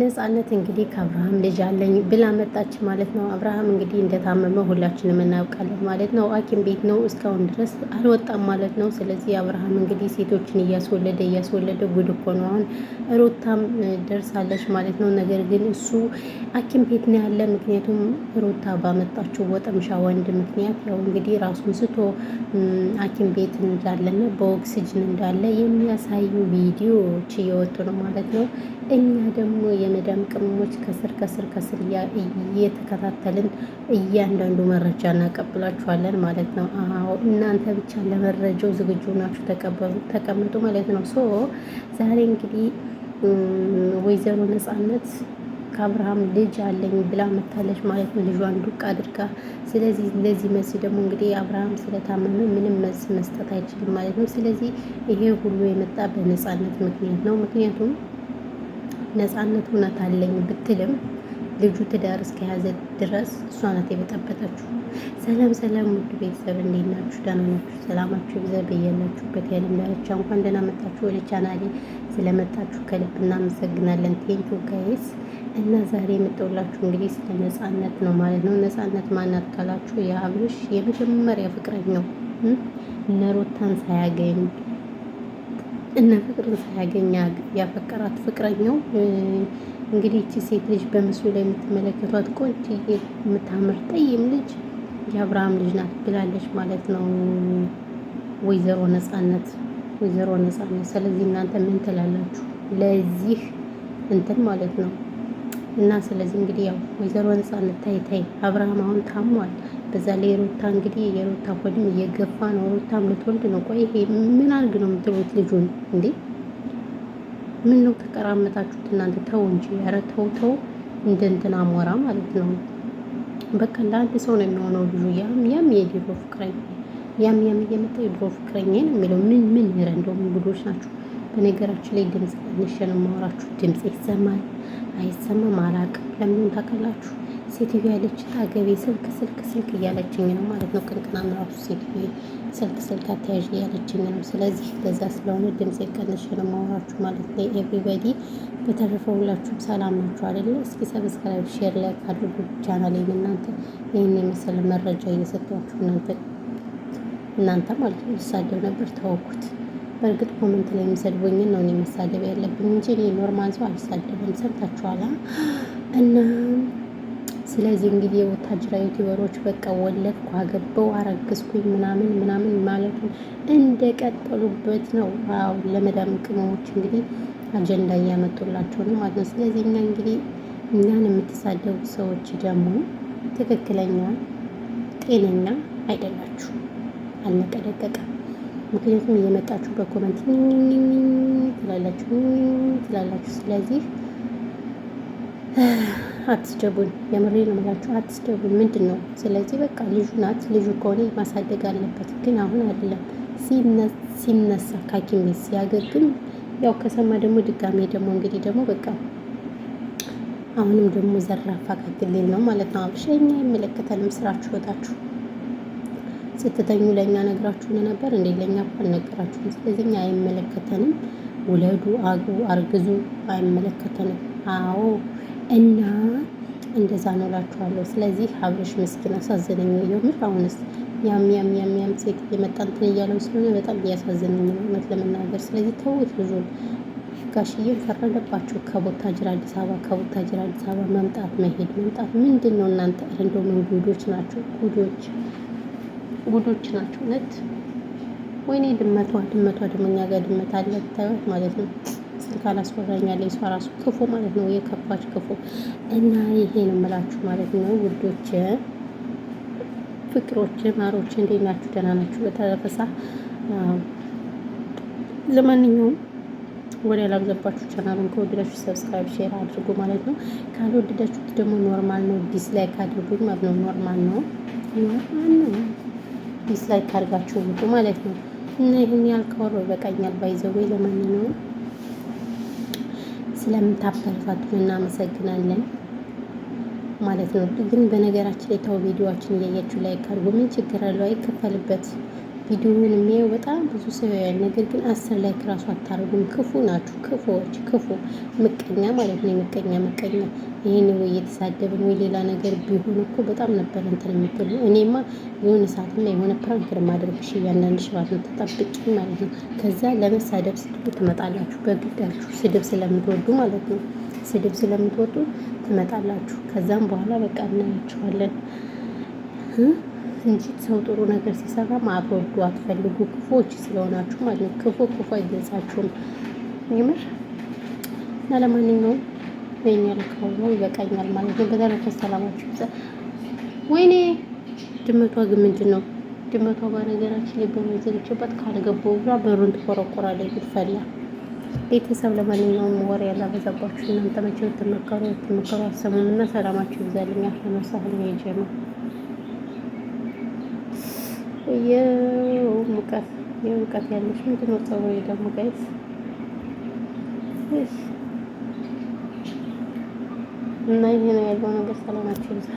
ነፃነት እንግዲህ ከአብርሃም ልጅ አለኝ ብላ መጣች ማለት ነው። አብርሃም እንግዲህ እንደታመመ ሁላችንም እናውቃለን ማለት ነው። ሐኪም ቤት ነው እስካሁን ድረስ አልወጣም ማለት ነው። ስለዚህ አብርሃም እንግዲህ ሴቶችን እያስወለደ እያስወለደ ጉድ እኮ ነው። አሁን ሩታም ደርሳለች ማለት ነው። ነገር ግን እሱ ሐኪም ቤት ነው ያለ። ምክንያቱም ሩታ ባመጣችው ወጠምሻ ወንድ ምክንያት ያው እንግዲህ ራሱን ስቶ ሐኪም ቤት እንዳለና በኦክሲጅን እንዳለ የሚያሳዩ ቪዲዮዎች እየወጡ ነው ማለት ነው። እኛ ደግሞ የመዳም ቅመሞች ከስር ከስር ከስር እየተከታተልን እያንዳንዱ መረጃ እናቀብላችኋለን ማለት ነው። አዎ እናንተ ብቻ ለመረጃው ዝግጁ ናችሁ ተቀመጡ ማለት ነው። ሶ ዛሬ እንግዲህ ወይዘሮ ነጻነት ከአብርሃም ልጅ አለኝ ብላ መታለች ማለት ነው። ልጇን ዱቅ አድርጋ ስለዚህ ለዚህ መልስ ደግሞ እንግዲህ አብርሃም ስለታመመ ምንም መልስ መስጠት አይችልም ማለት ነው። ስለዚህ ይሄ ሁሉ የመጣ በነጻነት ምክንያት ነው። ምክንያቱም ነፃነት እውነት አለኝ ብትልም ልጁ ትዳር እስከያዘ ድረስ እሷ ናት የበጠበጠችው። ሰላም ሰላም፣ ውድ ቤተሰብ እንዴት ናችሁ? ደህና ናችሁ? ሰላማችሁ ይብዛ በያላችሁበት የዓለም ዳርቻ። እንኳን ደህና መጣችሁ ወደ ቻናሌ። ስለመጣችሁ ከልብ እናመሰግናለን። ቴንቱ ጋይስ። እና ዛሬ የምጠውላችሁ እንግዲህ ስለ ነፃነት ነው ማለት ነው። ነፃነት ማናት ካላችሁ የአብርሽ የመጀመሪያ ፍቅረኛው ነሮታን ሳያገኝ እና ፍቅርን ሳያገኛ ያፈቀራት ፍቅረኛው እንግዲህ እቺ ሴት ልጅ በምስሉ ላይ የምትመለከቷት ቆንጅዬ የምታምር ጠይም ልጅ የአብርሃም ልጅ ናት ብላለች ማለት ነው ወይዘሮ ነፃነት ወይዘሮ ነፃነት። ስለዚህ እናንተ ምን ትላላችሁ ለዚህ እንትን ማለት ነው? እና ስለዚህ እንግዲህ ያው ወይዘሮ ነፃነት ታይ ታይ አብርሃም አሁን ታሟል። በዛ ላይ ሩታ እንግዲህ የሩታ ሆድም እየገፋ ነው። ሩታም ልትወልድ ነው። ቆይ ይሄ ምን አድርግ ነው የምትሉት? ልጁን እንዴ ምን ነው ተቀራመጣችሁት እናንተ? ተው እንጂ ኧረ ተው ተው። እንደ እንትን አሞራ ማለት ነው። በቃ እንደ አንድ ሰው ነው የሚሆነው ልጁ። ያም ያም የድሮ ፍቅረኛ ያም ያም እየመጣ የድሮ ፍቅረኛ ነው የሚለው ምን ምን ረ እንደውም እንግዶች ናቸው። በነገራችን ላይ ድምፅ ቀንሼ ነው የማወራችሁ። ድምፅ ይሰማል አይሰማም አላውቅም። ለምን ታውቃላችሁ? ሴትዮ ያለች አገቤ ስልክ ስልክ ስልክ እያለችኝ ነው ማለት ነው። ቅንቅናም ራሱ ሴትዮ ስልክ ስልክ አተያዥ እያለችኝ ነው። ስለዚህ ለዛ ስለሆነ ድምፅ ቀንሽ ነው ማውራችሁ ማለት ላይ ኤቭሪባዲ። በተረፈ ሁላችሁም ሰላም ናችሁ አይደለ? እስኪ ሰብስክራይብ፣ ሼር ላይ ካድርጉ ቻናል እናንተ ይህን የመሰለ መረጃ እየሰጧችሁ እናንተ እናንተ ማለት ነው። ይሳደብ ነበር ተወኩት። በእርግጥ ኮመንት ላይ የሚሰድቦኝን ነው መሳደብ ያለብኝ እንጂ ኖርማል ሰው አልሳደብም። ሰምታችኋላ እና ስለዚህ እንግዲህ የወታጅራ ዩቲበሮች በቃ ወለድኩ፣ አገባው፣ አረገዝኩኝ ምናምን ምናምን ማለቱን እንደቀጠሉበት ነው። አዎ ለመዳም ቅመሞች እንግዲህ አጀንዳ እያመጡላቸው ነው ማለት ነው። ስለዚህ እኛ እንግዲህ እኛን የምትሳደቡ ሰዎች ደግሞ ትክክለኛ ጤነኛ አይደላችሁ። አለቀ ደቀቀ። ምክንያቱም እየመጣችሁ በኮመንት ትላላችሁ ትላላችሁ። ስለዚህ አትስደቡን። የምሬ ነው የምላችሁ፣ አትስደቡን። ምንድን ነው ስለዚህ በቃ ልጁ ናት፣ ልጁ ከሆነ ማሳደግ አለበት። ግን አሁን አይደለም ሲነሳ ካኪሜ ሲያገግም ያው ከሰማ ደግሞ ድጋሜ ደግሞ እንግዲህ ደግሞ በቃ አሁንም ደግሞ ዘራፍ አካክልል ነው ማለት ነው። አብሻ እኛ አይመለከተንም ስራችሁ፣ ወታችሁ ስትተኙ ለእኛ ነግራችሁን ነበር እንዴ? ለእኛ እኮ አልነገራችሁም። ስለዚህ እኛ አይመለከተንም። ውለዱ፣ አግቡ፣ አርግዙ፣ አይመለከተንም። አዎ እና እንደዛ ነው እላችኋለሁ። ስለዚህ አብርሽ ምስኪን አሳዘነኝ። የምር አሁንስ ያም ያም ያም ያም ሴት የመጣ እንትን እያለው ስለሆነ በጣም እያሳዘነኝ ነው እውነት ለመናገር። ስለዚህ ተውት ልጁን። ጋሽዬም ፈረደባቸው። ከቦታ ጅራ አዲስ አበባ ከቦታ ጅራ አዲስ አበባ መምጣት መሄድ መምጣት ምንድን ነው እናንተ? እንደ ምን ጉዶች ናቸው ጉዶች ጉዶች ናቸው እውነት። ወይኔ ድመቷ ድመቷ ደግሞ እኛ ጋር ድመት አለ ብታዩት ማለት ነው። ስልክ አላስወራኛለ የሷ ራሱ ክፉ ማለት ነው የከፋች ክፉ እና ይሄ ነው እምላችሁ ማለት ነው ውዶች ፍቅሮች ማሮች እንዴት ናችሁ? ደህና ናችሁ? በተረፈሳ ለማንኛውም ወደ ላብዘባችሁ ቻናሉን ከወደዳችሁ ሰብስክራይብ ሼር አድርጉ ማለት ነው። ካልወደዳችሁት ደግሞ ኖርማል ነው፣ ዲስላይክ አድርጉኝ ማለት ነው። ኖርማል ነው፣ ኖርማል ነው። ዲስላይክ አድርጋችሁ ውጡ ማለት ነው። እና ይህን ያልከወረ ይበቃኛል። ባይዘወይ ለማንኛውም ስለምታበረታቱን እናመሰግናለን ማለት ነው። ግን በነገራችን ላይ ተው ቪዲዮዎችን እያያችሁ ላይ አድርጉ። ምን ችግር አለው? አይከፈልበት ቪዲዮውን የሚያየው በጣም ብዙ ሰው ያያል። ነገር ግን አስር ላይክ ራሱ አታደርጉም። ክፉ ናችሁ፣ ክፉዎች፣ ክፉ ምቀኛ ማለት ነው። ምቀኛ ምቀኛ ይህን ወይ እየተሳደብን ወይ ሌላ ነገር ቢሆን እኮ በጣም ነበር እንትን የሚገሉ። እኔማ የሆነ ሰዓትና የሆነ ፕራንክ ማድረግሽ እያንዳንድ ሽባት ነው ተጠብቂ ማለት ነው። ከዛ ለመሳደብ ስትሉ ትመጣላችሁ። በግዳችሁ ስድብ ስለምትወዱ ማለት ነው። ስድብ ስለምትወዱ ትመጣላችሁ። ከዛም በኋላ በቃ እናያችኋለን። እንጂ ሰው ጥሩ ነገር ሲሰራ ማብረዱ አትፈልጉ። ክፉዎች ስለሆናችሁ ማለት ነው። ክፉ ክፉ አይገልጻችሁም የምር እና ለማንኛውም ወይኔ ያልከው ነው ይበቃኛል ማለት ነው። በተረፈ ሰላማችሁ ይብዛ። ወይኔ ድመቷ ግን ምንድን ነው ድመቷ በነገራችን ላይ በመዘግችበት ካልገባ ብላ በሩን ትቆረቆራለች። ይፈላ ቤተሰብ ለማንኛውም ወሬ ያላበዛባችሁ እናንተ መቼ ትመከሩ ትመከሩ አሰሙም እና ሰላማችሁ ይብዛልኝ። አፈመሳህል ጀመር የሙቀት የሙቀት ያለሽ ምንድን ነው? ፀጉሬ ደግሞ ጋይስ እና ይሄ ነው ያለው ነገር። ሰላማችሁ ይብዛ።